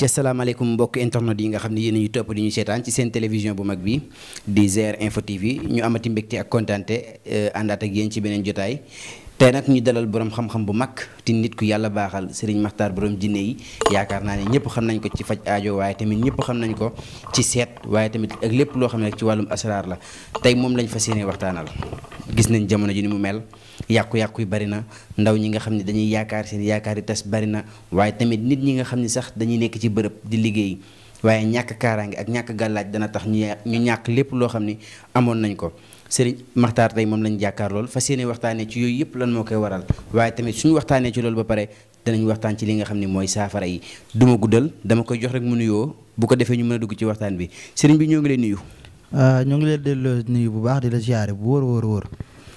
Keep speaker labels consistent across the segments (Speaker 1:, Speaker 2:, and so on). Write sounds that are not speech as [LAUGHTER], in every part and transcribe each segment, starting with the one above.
Speaker 1: ci asalaamaaleykum mbokk internet yi nga xam ne yéen ñu topp di ñu seetaan ci seen télévision bu mag bi di GR Info TV ñu amati mbégte ak kontaante euh, àndaat ak yéen ci beneen jotaay tey nag ñu dalal borom xam-xam bu mag ti nit ku yàlla baaxal Serigne Makhtar boroom jinne yi yaakaar naa ne ñëpp xam nañ ko ci faj aajo waaye tamit ñëpp xam nañ ko ci seet waaye tamit ak lépp loo xam ne rek ci wàllum asraar la tey moom lañ fas yéene waxtaanal gis nañ jamono ji ni mu mel yàqu-yàqu yi bari na ndaw ñi nga xam ne dañuy yaakaar seen yaakaar yi tas bari na waaye tamit nit ñi nga xam ni sax dañuy nekk ci bërëb di liggéey waaye ñàkk kaaraange ak ñàkk gàllaaj dana tax ñu ñu ñàkk lépp loo xam ne amoon nañ ko sëriñ Maxtaar tey moom lañ jàkkaar lool fas yéene waxtaanee ci yooyu yëpp lan moo koy waral waaye tamit suñu waxtaanee ci loolu ba pare danañ waxtaan ci li nga xam ne mooy saafara yi duma guddal dama koy jox rek mu nuyoo bu ko defee ñu mën a dugg ci waxtaan bi sëriñ bi ñoo ngi lay nuyu.
Speaker 2: Ah, ñoo ngi leen delloo nuyu bu baax di la ziare bu wóor wóor wóor.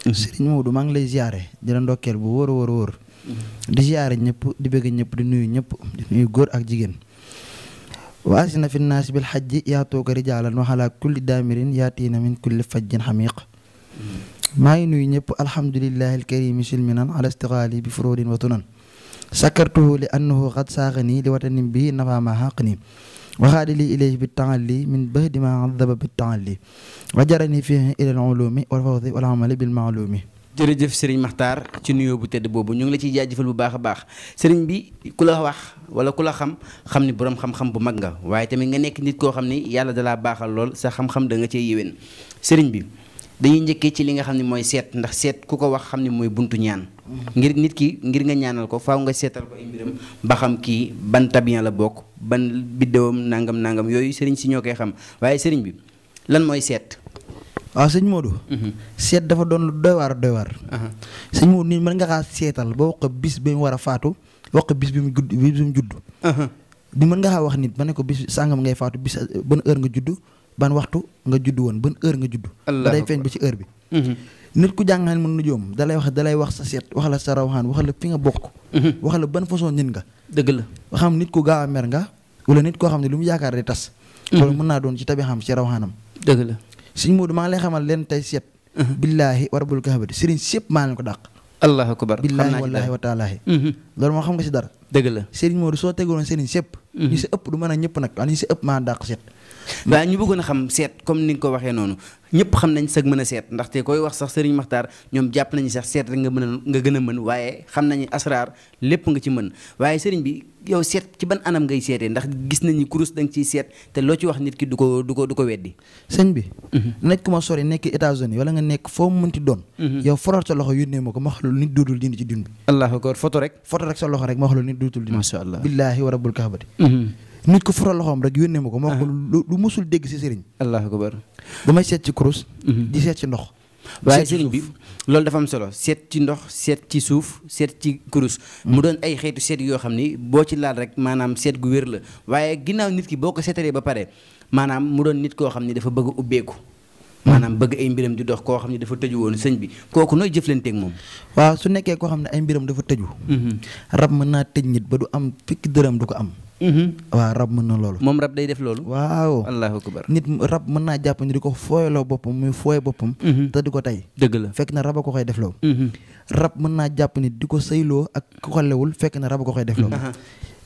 Speaker 2: Mhm. sëriñ Maodo maa ngi lay ziare di la ndokkeel bu wóor wóor wóor. Mhm. di ziare ñëpp di bëgg ñëpp di nuyu ñëpp nuyu góor ak jigéen. waasina fi naas bil xajji yaatooka rijaalan wa alaa kulli daamirin yaatiina min kulli fajjin xamiiq maa ngi nuyu ñëpp alhamdulilahi alkarimi silminan ala istiqaali bi furuudin wa tunan sakartuhu li annahu qad saaxani li watanin bi nafa ma xaqni waxaadi li ilayhi bi taalli min bahdi ma adaba bi taalli wa jarani fihi
Speaker 1: jërëjëf Serigne Makhtar ci nuyoo bu tedd boobu ñu ngi la ciy jaajëfal bu baax a baax Serigne bi ku la wax wala ku la xam xam ni boroom xam-xam bu mag nga waaye tamit nga nekk nit koo xam ni yàlla dalaa baaxal lool sa xam-xam da nga cee yéwén Serigne bi. dañuy njëkkee ci li nga xam ne mooy seet ndax seet ku ko wax xam ne mooy buntu ñaan mm-hmm. ngir nit ki ngir nga ñaanal ko faw nga seetal ko ay mbiram ba xam kii ban tabian la bokk ban biddewam nangam nangam yooyu sëriñ si ñoo koy xam waaye sëriñ bi lan mooy seet
Speaker 2: waaw sëñ Modou. Mm-hmm. seet dafa doon lu doy waar doy waar. sëñ Modou nii mën nga kaa seetal ba wax ko bis bi mu war a faatu wax ko bis bi mu judd bis bi mu judd. di mën nga kaa wax nit ba ne ko bis sàngam ngay faatu bis ban nga judd ban waxtu nga judd woon ban heure nga judd. da day feeñ ba ci heure bi. Mhm. nit ku jàngal mën nu joom da lay wax da lay wax sa seet wax la sa rawxaan wax la fi nga bokk. Mhm. wax la ban façon nit nga. dëgg la xam nit ku gaaw a mer nga. wala nit koo xam ne lu mu yaakaar di tas. Mhm. loolu mën naa la sëñ Moodu maa ngi lay xamal leen tey seet. billaahi wa rabbul kaabati sëriñ sépp maa leen ko dàq.
Speaker 1: allahu akbar billaahi wallaahi wa taalaahi
Speaker 2: loolu moo xam nga si soo tegoon sëriñ si ëpp du mën a ñëpp nag waaye ñu si ëpp maa
Speaker 1: dàq seet waaye ñu bëggoon a xam seet comme ni nga ko waxee noonu ñëpp xam nañ sax mën a seet ndaxte koy wax sax sëriñ Maxtaar ñoom jàpp nañu sax seet rek nga mën a nga gën a mën waaye xam nañu asraar lépp nga ci mën waaye sëriñ bi yow seet ci ban anam ngay seetee ndax gis nañu kurus da nga ciy seet te loo ci wax nit ki du ko du ko du ko weddi.
Speaker 2: sëñ bi. Mhm. nekk ma sori nekk États-Unis wala nga nekk foo mënti doon. Mhm. yow foral sa loxo yónnee ma ko ma wax loolu nit duudul dindi ci dund bi.
Speaker 1: allahu akbar foto rek.
Speaker 2: foto rek sa loxo rek ma wax loolu nit duudul nit ko fural loxoom rek yónnee ma ko. moo ko ah. lu mosul dégg si sëriñ. allahu akbar damay seet ci kurus. Mhm. di seet ci ndox.
Speaker 1: waaye sëriñ bi loolu dafa am solo seet ci ndox seet ci suuf seet ci kurus. mu mm. doon ay xeetu seet yoo xam ni boo ci laal rek maanaam seet gu wér la waaye ginnaaw nit ki boo ko seetalee ba pare maanaam mu doon nit koo xam ni dafa bëgg a ubbeeku. Mm. maanaam bëgg ay mbiram di dox koo xam ne dafa tëju woon sëñ bi kooku nooy jëflanteeg moom.
Speaker 2: waaw su nekkee koo xam ne ay mbiram dafa tëju. Mhm. rab mën naa tëj nit ba du am fukki dërëm du ko am. Mhm. waaw rab mën na loolu. moom rab day def
Speaker 1: loolu. waaw allahu akbar nit
Speaker 2: rab mën naa jàpp ni di ko fooyloo boppam muy fooy boppam. Mhm. te di ko tey. dëgg la fekk na rab a ko koy def loolu. Mhm. rab mën naa jàpp ni di ko sëyloo ak ku xolewul fekk na rab a ko koy def loolu.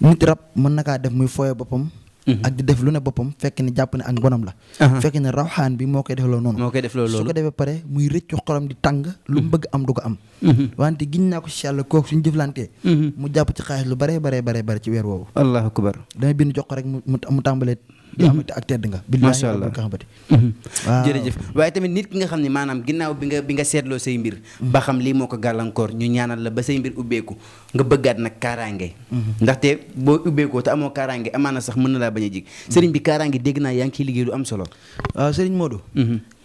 Speaker 2: nit rab mën na kaa def muy fooy boppam. Mm-hmm. ak di def lu ne boppam fekk ni jàpp ne ak mbonam la uh-huh. fekk ne rawxaan bi moo koy def loolu noonu su ko defee pare muy rëccu xolam di tàng lu mu mm-hmm. bëgg am du ko am mm-hmm. wante giñ naa ko si yàlla kooku suñu jëflantee mu jàpp ci xaalis lu bare bare bare bare ci weer woowu allahu akbar damay bind jox rek mu tàmbalee di am ak tedd nga macha allah nga xamante mhm. waaw
Speaker 1: jërëjëf waaye tamit nit ki nga xam ne maanaam ginnaaw bi nga bi nga seetloo say mbir mhm. ba xam lii moo ko gàllankoor ñu ñaanal la ba say mbir ubbeeku nga bëggaat nag kaaraange mhm. ndaxte boo ubbeekoo te a sëriñ bi kaaraange
Speaker 2: dégg naa yaa ngi ciy liggéey lu am solo waaw sëriñ Modou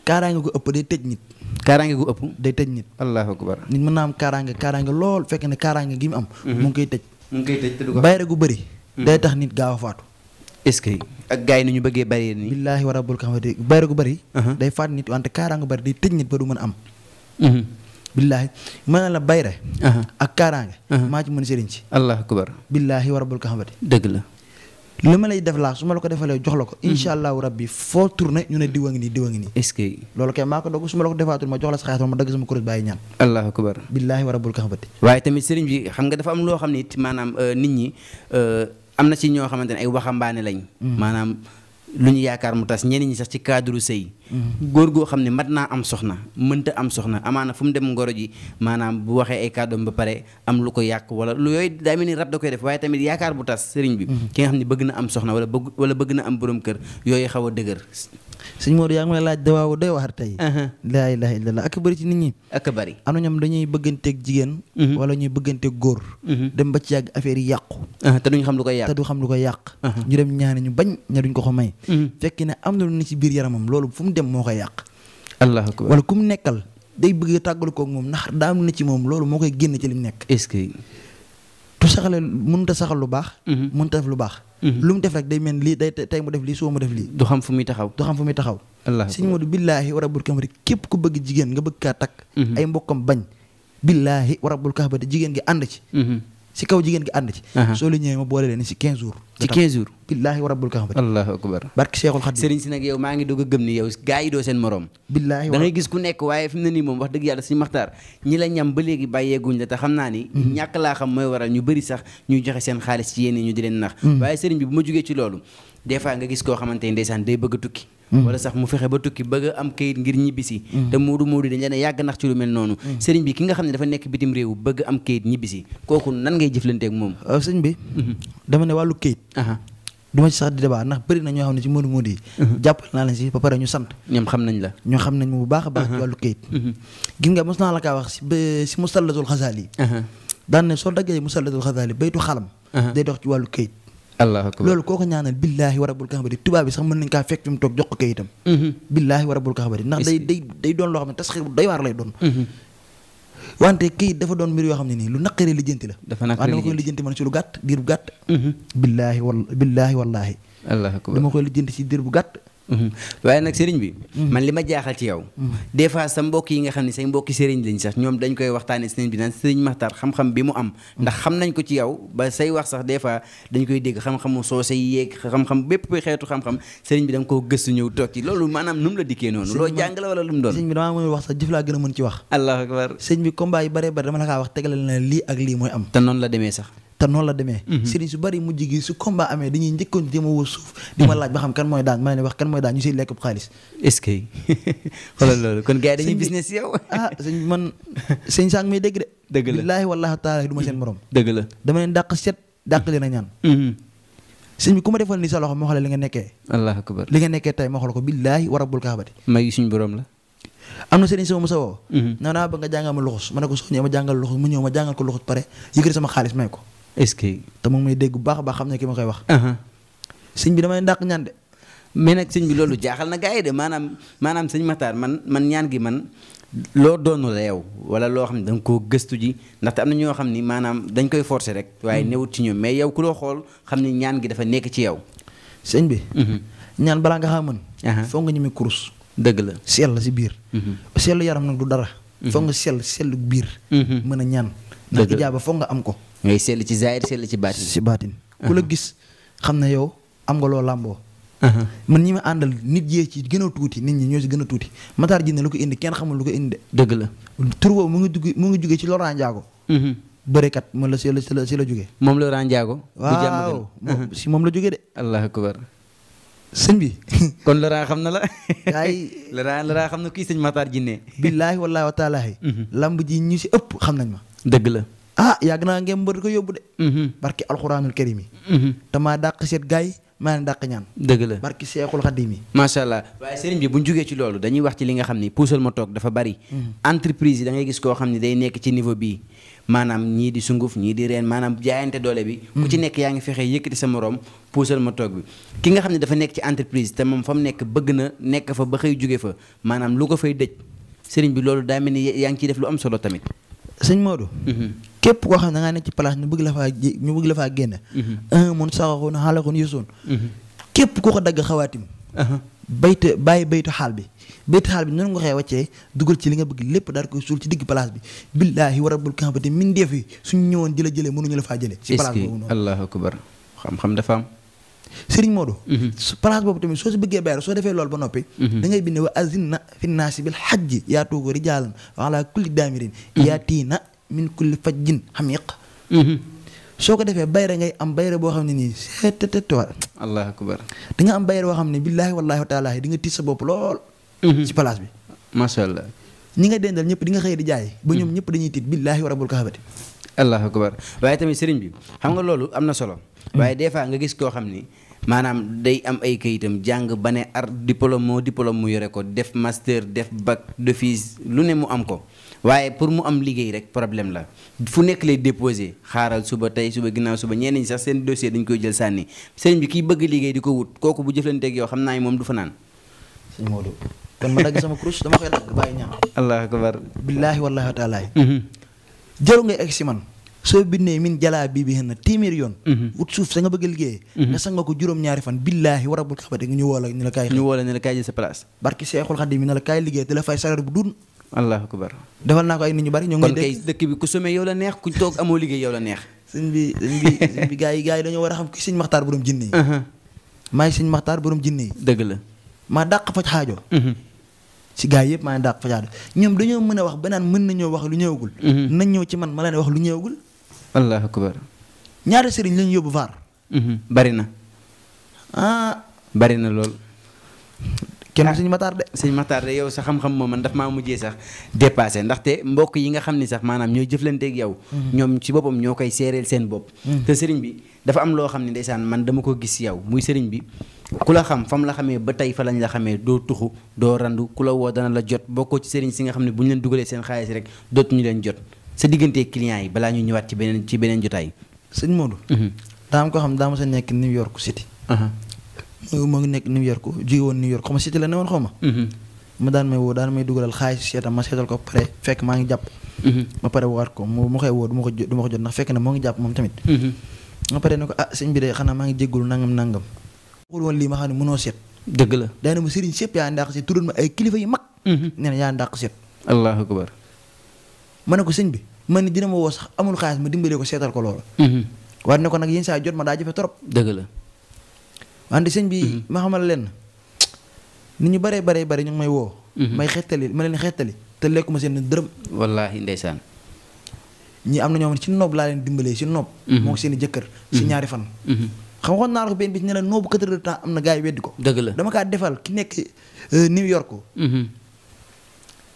Speaker 2: kaaraange gu ëpp day tëj nit kaaraange gu ëpp day tëj nit allahu akbar nit mën naa am kaaraange kaaraange lool fekk ne kaaraange gi mu am mu ngi koy tëj mu
Speaker 1: ngi koy tëj te du ko bayre gu bëri
Speaker 2: day tax nit gaaw a faatu est ak gars yi ni ñu bëggee bari nii. billaahi wa rabbul kaaba de bari gu bari. Uh-huh. day faat nit wante kaaraangu bari day tëj nit ba du mën am. Uh-huh. la uh-huh. wa rabbul kaaba de. dëgg la. li ma lay def laa la ko la ko. incha allahu rabbi foo tourné ñu ma la ko defaatul ma jox ma dagg
Speaker 1: waaye tamit sëriñ bi xam nga dafa am loo xam ne it maanaam euh, nit ñi euh, am na ci ñoo xamante ne ay waxambaane lañ mm-hmm. maanaam lu ñu yaakaar mu tas ñenn ñi sax ci cadre sëy góor goo xam ne mat naa am soxna mënta am soxna amaana fu mu dem ngoro ji maanaam bu waxee ay kàddoom ba pare am lu ko yàq wala lu yooyu daa mel ni rab koy def waaye tamit yaakaar bu tas sëriñ bi mm-hmm. ki nga bëgg na am soxna wala bëgg wala bëgg na am borom kër yooyu xaw a dëgër
Speaker 2: sëñ Modou yaa ngi may laaj dawaawu doy waar tey uh-huh. laa ilaha illallah ak bëri ci nit ñi ak bëri am na ñoom dañuy bëgganteeg jigéen mm-hmm. wala ñuy bëgganteeg góor mm-hmm. dem ba ci yàgg affaire yi yàqu uh-huh. te ñu xam lu koy yàq te du xam lu koy yàq uh-huh. ñu dem ñaani ñu bañ ña duñ ko ko may Mm. fekk ne am na lu ne ci biir yaramam loolu fu mu dem moo koy yàq
Speaker 1: allah akbar wala ku
Speaker 2: mu nekkal day bëgg a tàggal koog moom ndax daa am na ci moom loolu moo koy génne ci li mu nekk est-ce que tu saxale mënut a saxal lu baax mm-hmm. mënut a def lu baax mm-hmm. lu mu def rek day mel lii day tey mu def lii soo mu def lii du xam fu muy taxaw du xam fu muy taxaw allah sëñ Modou billaahi wa rabbul kamari képp ku bëgg jigéen nga bëgg kaa takk mm-hmm. ay mbokkam bañ billaahi wa rabbul kahbati jigéen gi ànd ci si kaw jigéen gi ànd ci. soo la ñëwee ma boole leen si 15 jours. ci 15 jours. billaahi wa rabbul kaaba. allahu akbar. barke Seexul Xadiim. sëriñ
Speaker 1: si nag yow maa ngi doog a gëm ni yow gaa doo seen morom.
Speaker 2: billaahi da ngay
Speaker 1: yàlla suñu maxtaar ñi la ñam ba léegi bàyyeeguñ la te xam naa ni. Mm-hmm. ñàkk laa xam mooy waral ñu bëri sax ñu joxe seen xaalis ci yéen ñu di nax. Mm-hmm. waaye sëriñ bi bu ma jugee ci loolu des fois nga gis koo xamante ni ndeysaan day bëgg a tukki mm. wala sax mu fexe ba tukki bëgg a am kayit ngir ñibbisi mm. te moodu moodu dañ leen yàgg nax ci lu mel noonu mm. sëriñ bi ki nga xam ne dafa nekk bitim réew bëgg am kayit ñibbisi kooku nan ngay jëflanteek
Speaker 2: moom euh, sëriñ bi mm-hmm. dama ne wàllu kayit du ma ci sax di débat ndax bëri na ñoo xam ne ci moodu moodu yi mm-hmm. jàppal naa leen si ba pare ñu sant ñoom xam nañ la ñoo xam nañ ma bu baax a baax ci wàllu kayit mm-hmm. gis nga mos naa la kaa wax si si mustallatul xasaal yi daan ne soo daggee mustallatul xasaal yi baytu xalam day dox ci wàllu kayit loolu koo ñaanal billaahi wa rabbul kaabari tubaab bi sax mën nañ kaa fekk fi mu toog jox kayitam. Mm-hmm. billaahi wa rabbul kaabari ndax day day day doon loo xam ne tasxiir bu doy waar lay doon. Mm-hmm. wante kayit dafa doon mbir yoo xam ne nii lu naqaree la. dafa naqaree lijjanti waaw dama koy lijjanti man ci lu gàtt diir bu gàtt. Mm-hmm. billaahi wal billaahi wallaahi. allah akbar dama koy lijjanti diir bu gàtt. Mhm.
Speaker 1: waaye nag sëriñ bi. Mhm. man li ma jaaxal ci yow. Mhm. des fois sa mbokk yi nga xam ne say mbokki sëriñ lañ sax ñoom dañ koy waxtaanee sëriñ bi naan sëriñ Maxtaar xam-xam bi mu am. ndax xam nañ ko ci yow ba say wax sax des fois dañ koy dégg xam-xamu soose yi yeeg xam-xam bépp xeetu xam-xam sëriñ bi da nga koo gëstu ñëw toog ci loolu maanaam nu la dikkee noonu. loo jàng la wala lu mu doon sëriñ
Speaker 2: bi damaa mënul wax sax jëf laa gën a mën ci wax. allah akbar sëriñ bi combat yu bare bare dama la kaa wax lii ak lii mooy am. te noonu la demee sax te noonu la demee mhm. sëriñ su bari mujj gi su combat amee dañuy njëkkoon a mhm. leen wax kan mooy [LAUGHS] [LAUGHS] ah, a mhm. ku ma defal ni sa loxo ma xool li nga nekkee allahu ma xool ko billaahi wa rabbul kaabati
Speaker 1: may suñ borom la
Speaker 2: am na sëriñ sama musa woo naa naa ba nga jàngal ma luxus ma ne ko soo ñëwee ma jàngal luxus mu ñëw ma jàngal ko luxus pare yëkkati sama xaalis may ko est-ce que te moom may dégg bu baax a baax xam ne ki ma koy wax. Uh-huh. sëñ bi damay ndàq ñaan de.
Speaker 1: mais nag sëñ bi loolu jaaxal na gars yi de maanaam maanaam sëñ Matar man man ñaan gi man loo doonu la yow wala loo xam ne da nga koo gëstu ji ndaxte am na ñoo xam ni maanaam dañ koy forcer rek.
Speaker 2: waaye hmm. newut ci ñoom mais yow ku loo xool xam ni ñaan gi dafa nekk ci yow. sëñ bi. Mm-hmm. ñaan balaa nga xam mën. Uh-huh. foog nga ñemee kurus. dëgg la seel la si biir. Mm-hmm. sell yaram nag du dara. Mm-hmm. foog nga sell sell biir. mën a ñaan. ndax ijaaba foog nga am ko. ngay sell ci zaahir sell ci baatin ci baatin ku la gis xam ne yow am nga loo làmboo man ñi ma àndal nit yee ci gën tuuti nit ñi ñoo si gën a tuuti Matar Jinne lu ko indi kenn xamul lu ko indi dëgg la tur boobu mu ngi dugg mu ngi jugee ci Laurent a mhm. bërekat moom la si la si la si la jugee
Speaker 1: moom Laurent Ndiago waaw si moom la jógee de allah akbar sëñ bi [LAUGHS] kon Laurent xam na la ay [LAUGHS] Laurent Laurent xam na kii sëñ Matar Jinne
Speaker 2: billaahi wallaahi wa taalaahi mhm. ji ñu si ëpp xam nañ ma la ah yàgg naa ngeen mbër ko yóbbu de. Mhm. barki alxuraanul karim yi. Mhm. te maa dàq seet gaay maa ngi dàq ñaan. dëgg la barki seexul xadim yi.
Speaker 1: macha allah waaye sëriñ bi bu ñu jugee ci loolu dañuy wax ci li nga xam ni puusal ma toog dafa mhm. gis koo xam ni day nekk ci niveau bii maanaam ñii di sunguf ñii di reen maanaam jaayante doole bi. ku ci nekk yaa ngi fexe yëkkati sa morom puusal ma toog bi. ki nga xam ne dafa nekk ci entreprise te moom fa mu nekk bëgg na nekk fa ba xëy jugee fa maanaam lu ko fay dëj sëriñ bi loolu daa
Speaker 2: mel ni yaa ngi ciy def lu am solo tamit. sëñ Modou. képp koo xam ne da ngaa nekk ci place ñu bëgg la faa ñu bëgg la faa génne. Mhm. un mhm. uh-huh. bi baytu xaal bi noonu nga koy wàccee dugal la jëlee la faa jëlee. ci place boobu noonu
Speaker 1: allahu akbar xam-xam dafa am.
Speaker 2: Sëriñ Modou. Mhm. place boobu tamit soo si bëggee bayra soo defee loolu ba noppi. da ngay bind wa azin na fi naasi bil xajji yaa tuugu rijaalan wa ala kulli daamirin yaa tiina min kulli fajjin xamiq mhm. soo ko defee bayre ngay am bayre boo xam ne nii seetetetewaat. allahu akbar di nga am bayre boo xam ne billaahi wallaahi taalaahi di nga tiit sa bopp lool. Mhm. ci place bi. macha allah. ni nga dendal ñëpp di nga xëy di jaay. ba ñoom mhm. ñëpp dañuy tiit billaahi wa rabbul kaabati.
Speaker 1: allahu akbar waaye tamit sëriñ bi xam nga loolu am na solo. waaye des fois nga gis koo xam ni. maanaam day am ay kayitam jàng ba ne ar diplôme moo diplôme mu yore ko def master def bac d'office lu ne mu am ko waaye pour mu am liggéey rek problème la fu nekk lay déposé xaaral suba tey suba ginnaaw suba ñenn ñi sax seen dossier dañ koy jël sànni sëriñ bi kiy bëgg liggéey di ko wut kooku bu jëflanteeg yoo xam naa ne moom du fanaan naan.
Speaker 2: sëñ Modou kon ma dagg sama kurus dama koy dagg bàyyi ñaan.
Speaker 1: allahu akbar.
Speaker 2: billaahi wallaahi wa taalaay. Mhm. jëru ngay egg soo bindee min jalaa bii bi xen téeméer yoon mhm. ut suuf sa nga bëgg a liggéeyee mhm. nga sanga ko juróom-ñaari fan billaahi wa rabbul xabati ñu woo la ñu la kaay ñu woo la
Speaker 1: ñu la kaay jël sa place
Speaker 2: barki seexul xaddi mi ne la kaay liggéey te ñu bari la neex ku toog amoo liggéey yow la neex sëñ bi sëñ bi sëñ yi gars yi dañoo war a xam ki sëñ maxtaar borom jinne yi uh-huh. maa ngi sëñ maxtaar jinne yi dëgg la maa dàq faj xaajo uh-huh. si gars yëpp maa dàq faj xaajo ñoom dañoo mën a ba naan mën nañoo wax lu ñëwagul uh-huh. nañ
Speaker 1: allahu akbar
Speaker 2: ñaari sëriñ lañu yóbbu vaar.
Speaker 1: Mhm. bari na. ah bari na lool. kenn ah. suñu mataar de suñu mataar de yow sa xam-xam moom man daf maa mujjee sax dépassé ndaxte mbokk yi nga xam ni sax maanaam ñooy jëflanteeg yow. Mhm. ñoom ci boppam ñoo koy seereel seen bopp. Mhm. te sëriñ bi dafa am loo xam ne ndeysaan man dama ko gis yow muy sëriñ bi ku la xam fam la xamee ba tey fa lañ la xamee doo tuxu doo randu ku la woo dana la jot bokkoo ci sëriñ si nga xam ne bu ñu leen dugalee seen rek dootuñu leen jot. sa diggante client yi balaa ñu ñëwaat ci beneen ci beneen jotaay.
Speaker 2: sëñ Modou. Mhm. daa am koo xam daa ma sa nekk New York City. moo ngi nekk New York jóge woon New York xaw ma City la ne woon xaw ma. Mhm. ma daan may woo daan may dugalal xaalis seetam ma seetal ko pare fekk maa ngi jàpp. Mhm. ma pare waat ko ne ko ah sëñ bi de xanaa maa ngi jégalu nangam nangam. waxul woon lii ma xam ne mënoo seet. dëgg la daanaka ma sëriñ sépp yaa ndàq seet turoon ma ay kilifa yu mag. nee na yaa ndàq seet. ma ne ko sëñ bi man ni dina ma woo sax amul xaalis ma dimbalee ko seetal ko loolu mhm. waaye ne ko nag yenn saa jot ma daa jafe trop dëgg la wante sëñ bi mhm. ma xamal leen nit ñu bare bare bare ñu may woo mhm. may xettali ma leen xettali te lekkuma seen dërëm
Speaker 1: wallaahi ndeysaan
Speaker 2: ñi am na ñoom ci noob laa leen dimbalee si noob moo seen jëkkër si ñaari fan xam xoon naa la ko benn bis ne la noobu quatre temps am na gaa yi weddi ko dëgg la dama kaa defal ki nekk euh, New York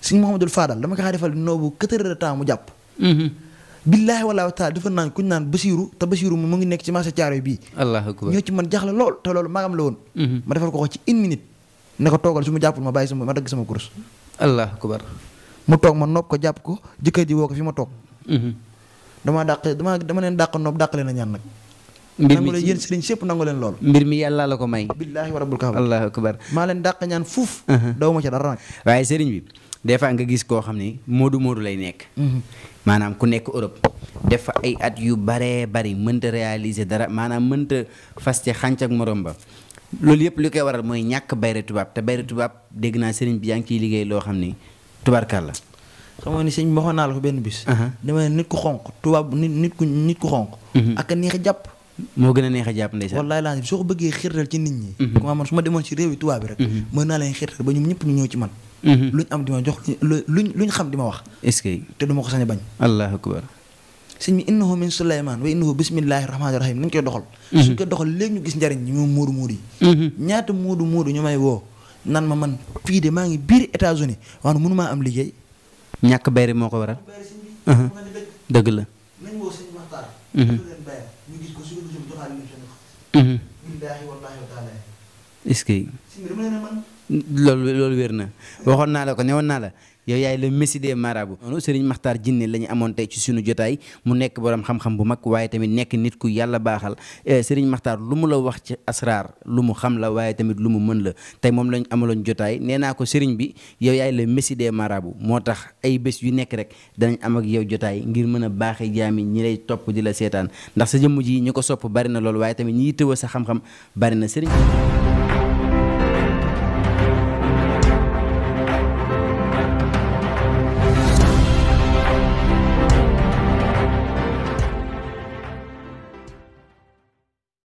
Speaker 2: sëñ Mouhamadul Fadal dama kaa defal noobu quatre heures de temps mu jàpp. Mhm. billaahi wallaahi taala defal naan ku ñu naan Basiiru te Basiiru mu ngi nekk ci marché Thiaroye bii.
Speaker 1: allaahu akbar ñoo
Speaker 2: ci man jaaxle lool te loolu magam la woon. Mhm. ma defal ko ko ci une minute. ne ko toogal su ma jàppul ma bàyyi sama ma dagg sama course.
Speaker 1: allaahu akbar
Speaker 2: mu toog ma nopp ko jàpp ko jëkkër ji woo ko fi ma toog. Mhm. damaa dàq dama dama leen dàq nopp dàq leen a ñaan nag. nangu leen yéen sëriñ sépp nangu leen loolu. mbir mi yàlla la ko may. billaahi wa rabbul kaaba.
Speaker 1: maa des fois nga gis koo xam ni moodu moodu lay nekk. Mhm. maanaam ku nekk Europe def fa ay at yu baree bari mënta ba. loolu yëpp li koy waral mooy ñàkk bayre tubaab te bayre tubaab dégg naa sëriñ bi yaa ngi ciy liggéey loo xam ni tubaarkàlla.
Speaker 2: xam nga ni sëñ bi waxoon naa la ko benn bis. dama ne nit ku xonq tubaab nit nit ku nit ku xonq. Mhm. ak neex a jàpp.
Speaker 1: moo gën a neex a jàpp ndeysaan wallaay
Speaker 2: laa soo ko bëggee xirtal mhm. réew yi tubaab bi rek. mën naa leen xirtal ba ñoom ñëpp ñu ñëw ci man. Mhm. luñ am di ma jox luñ luñ xam di ma wax. est te du ma ko sañ a bañ. allahu akbar. sëñ mi innahu min suleymaan wa innahu bismillahi rahmaani rahim nañ koy doxal. Mhm. suñ koy doxal léegi ñu gis njariñ ñi moom moodu moodu mhm. ñaata moodu moodu ñu may woo nan ma man fii de maa ngi biir États-Unis waaye mënu maa am liggéey. ñàkk bayre moo ko waral.
Speaker 1: dëgg la. wa taala. est loolu loolu wér na waxoon naa la ko woon naa la yow yaay le messie des marabouts sëriñ Maxtaar Jinne la ñu amoon tey ci suñu jotaay mu nekk borom xam-xam bu mag waaye tamit nekk nit ku yàlla baaxal eh, sëriñ Maxtaar lu mu la wax ci asraar lu mu xam la waaye tamit lu mu mën la tey moom lañ amaloon jotaay nee naa ko sëriñ bi yow yaay le messie des marabouts moo tax ay bés yu nekk rek danañ am ak yow jotaay ngir mën a baaxee jaami ñi lay topp di la seetaan ndax sa jëmm ji ñi ko sopp bari na lool waaye tamit ñi tëwa sa xam bari na sëriñ